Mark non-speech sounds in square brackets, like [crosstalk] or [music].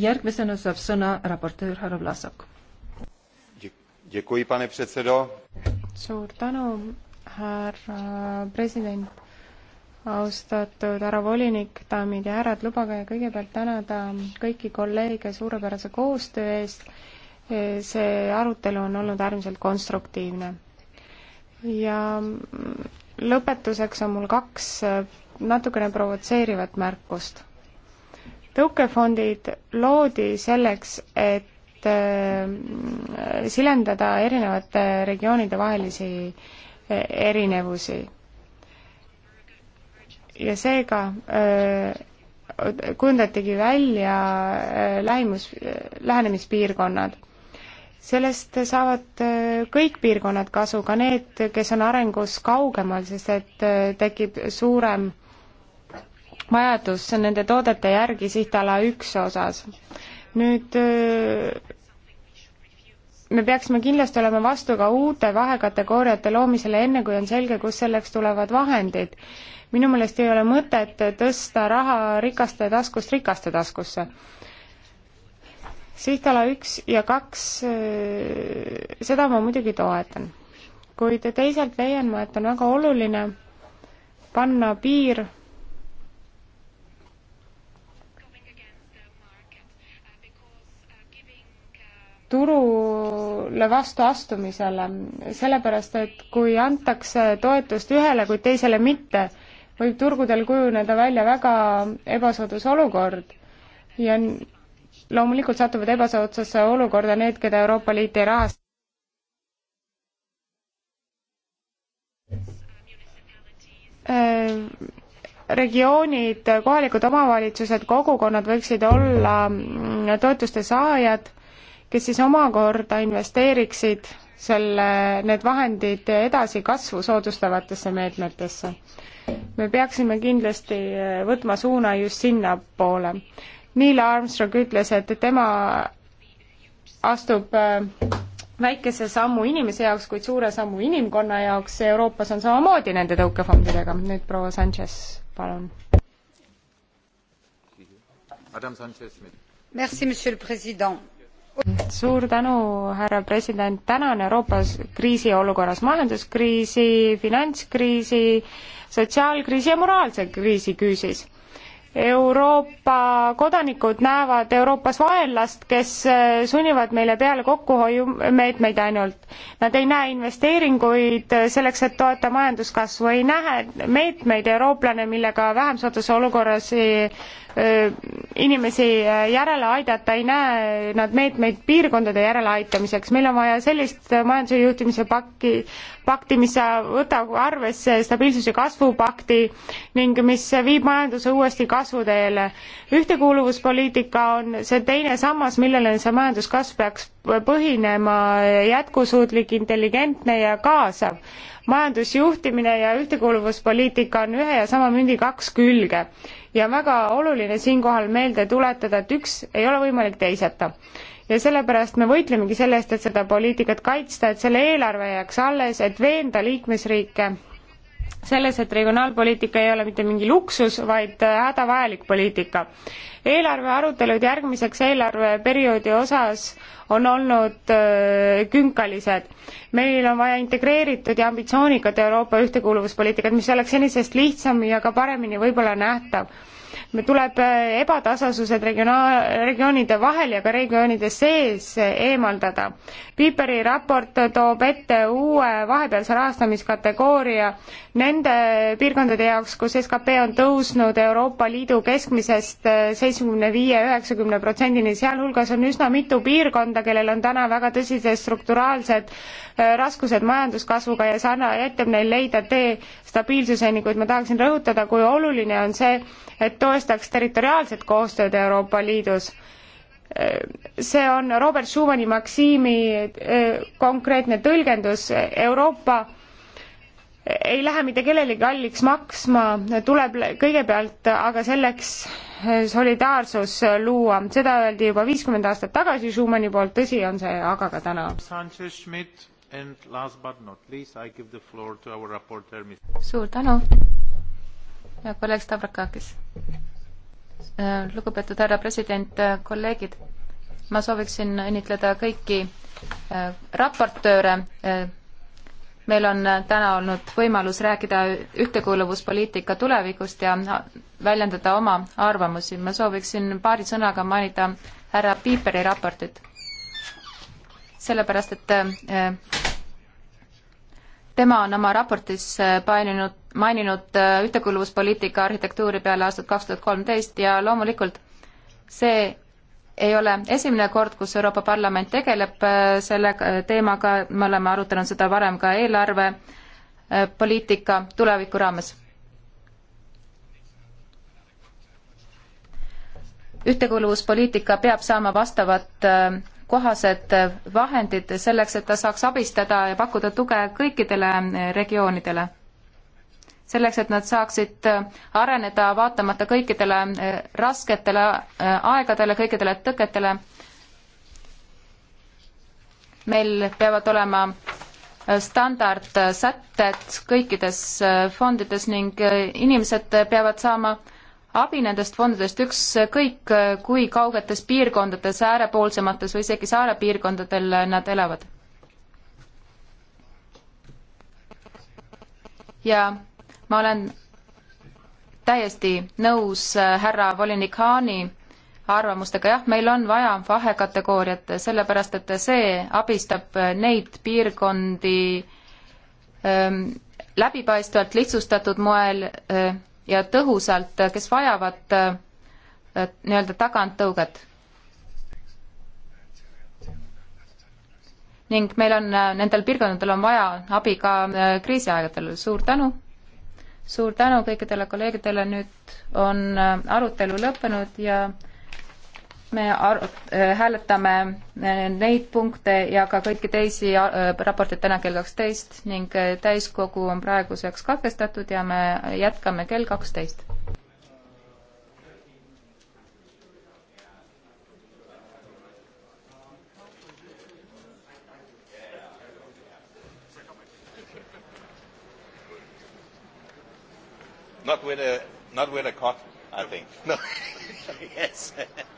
järgmisena saab sõna raportöör härra Vlasak. suur tänu, härra president, austatud härra volinik, daamid ja härrad, lubage kõigepealt tänada kõiki kolleege suurepärase koostöö eest. see arutelu on olnud äärmiselt konstruktiivne. ja lõpetuseks on mul kaks natukene provotseerivat märkust tõukefondid loodi selleks, et äh, silendada erinevate regioonide vahelisi äh, erinevusi. ja seega äh, kujundatigi välja lähimus, lähenemispiirkonnad sellest saavad kõik piirkonnad kasu, ka need, kes on arengus kaugemal, sest et tekib suurem vajadus nende toodete järgi sihtala üks osas. nüüd äh, me peaksime kindlasti olema vastu ka uute vahekategooriate loomisele, enne kui on selge, kust selleks tulevad vahendid. minu meelest ei ole mõtet tõsta raha rikaste taskust rikaste taskusse. sihtala üks ja kaks, äh, seda ma muidugi toetan. kuid teisalt leian ma, et on väga oluline panna piir turule vastuastumisele, sellepärast et kui antakse toetust ühele, kuid teisele mitte, võib turgudel kujuneda välja väga ebasoodus olukord ja loomulikult satuvad ebasoodsasse olukorda need, keda Euroopa Liit ei rahasta. Äh, regioonid, kohalikud omavalitsused, kogukonnad võiksid olla toetuste saajad kes siis omakorda investeeriksid selle, need vahendid edasi kasvu soodustavatesse meetmetesse. me peaksime kindlasti võtma suuna just sinnapoole. Neil Armstrong ütles, et tema astub äh, väikese sammu inimese jaoks, kuid suure sammu inimkonna jaoks, Euroopas on samamoodi nende tõukefondidega. nüüd proua Sanchez, palun. Merci, monsieur le president suur tänu, härra president, täna on Euroopas kriisiolukorras majanduskriisi, finantskriisi, sotsiaalkriisi ja moraalse kriisi küüsis. Euroopa kodanikud näevad Euroopas vaenlast, kes eh, sunnivad meile peale kokkuhoiumeetmeid ainult. Nad ei näe investeeringuid selleks, et toeta majanduskasvu, ei näe meetmeid eurooplane, millega vähem soodsas olukorras inimesi äh, järele aidata, ei näe nad meetmeid piirkondade järeleaitamiseks, meil on vaja sellist äh, majanduse juhtimise pakki, pakti, mis võtab arvesse stabiilsuse kasvupakti ning mis viib majanduse uuesti kasvuteele. ühtekuuluvuspoliitika on see teine sammas, millele see majanduskasv peaks põhinema, jätkusuutlik, intelligentne ja kaasav majandusjuhtimine ja ühtekuuluvuspoliitika on ühe ja sama mündi kaks külge ja on väga oluline siinkohal meelde tuletada, et üks ei ole võimalik teiseta. ja sellepärast me võitlemegi selle eest, et seda poliitikat kaitsta, et selle eelarve jääks alles, et veenda liikmesriike selles, et regionaalpoliitika ei ole mitte mingi luksus, vaid äh, hädavajalik poliitika. eelarve arutelud järgmiseks eelarveperioodi osas on olnud äh, künkalised. meil on vaja integreeritud ja ambitsioonikat Euroopa ühtekuuluvuspoliitikat, mis oleks senisest lihtsam ja ka paremini võib-olla nähtav tuleb äh, ebatasasused regionaal, regioonide vahel ja ka regioonide sees eemaldada. Piiperi raport toob ette uue vahepealse rahastamiskategooria nende piirkondade jaoks, kus skp on tõusnud Euroopa Liidu keskmisest äh, seitsmekümne viie, üheksakümne protsendini, sealhulgas on üsna mitu piirkonda, kellel on täna väga tõsised strukturaalsed äh, raskused majanduskasvuga ja see annab, aitab neil leida tee stabiilsuseni, kuid ma tahaksin rõhutada, kui oluline on see, et toest soodustaks territoriaalset koostööd Euroopa Liidus. see on Robert Schumani maksiimi eh, konkreetne tõlgendus, Euroopa ei lähe mitte kellelegi kalliks maksma, tuleb kõigepealt aga selleks eh, solidaarsus luua, seda öeldi juba viiskümmend aastat tagasi Schumanni poolt, tõsi on see aga ka täna. suur tänu ja kolleeg Stavrakakis. Äh, lugupeetud härra president, äh, kolleegid, ma sooviksin õnnitleda kõiki äh, raportööre. meil on täna olnud võimalus rääkida ühtekuuluvuspoliitika tulevikust ja väljendada oma arvamusi. ma sooviksin paari sõnaga mainida härra Piiperi raportit. sellepärast, et tema on oma raportis paininud maininud äh, ühtekuuluvuspoliitika arhitektuuri peale aastat kaks tuhat kolmteist ja loomulikult see ei ole esimene kord, kus Euroopa Parlament tegeleb äh, selle äh, teemaga, me oleme arutanud seda varem ka eelarvepoliitika tuleviku raames. ühtekuuluvuspoliitika peab saama vastavad kohased vahendid selleks, et ta saaks abistada ja pakkuda tuge kõikidele regioonidele selleks, et nad saaksid äh, areneda vaatamata kõikidele äh, rasketele äh, aegadele, kõikidele tõketele. meil peavad olema standardsätted kõikides fondides ning inimesed peavad saama abi nendest fondidest ükskõik kui kaugetes piirkondades, äärepoolsemates või isegi saarepiirkondadel nad elavad. ja ma olen täiesti nõus äh, härra volinik Haani arvamustega, jah, meil on vaja vahekategooriat, sellepärast et see abistab äh, neid piirkondi ähm, läbipaistvalt, lihtsustatud moel äh, ja tõhusalt, äh, kes vajavad äh, nii-öelda taganttõuget. ning meil on, nendel piirkondadel on vaja abi ka äh, kriisiaegadel, suur tänu suur tänu kõikidele kolleegidele, nüüd on äh, arutelu lõppenud ja me arut-, äh, hääletame äh, neid punkte ja ka kõiki teisi raporteid täna kell kaksteist ning täiskogu on praeguseks katkestatud ja me jätkame kell kaksteist. Not with a, not with a cot, I think. [laughs] No. [laughs] yes. [laughs]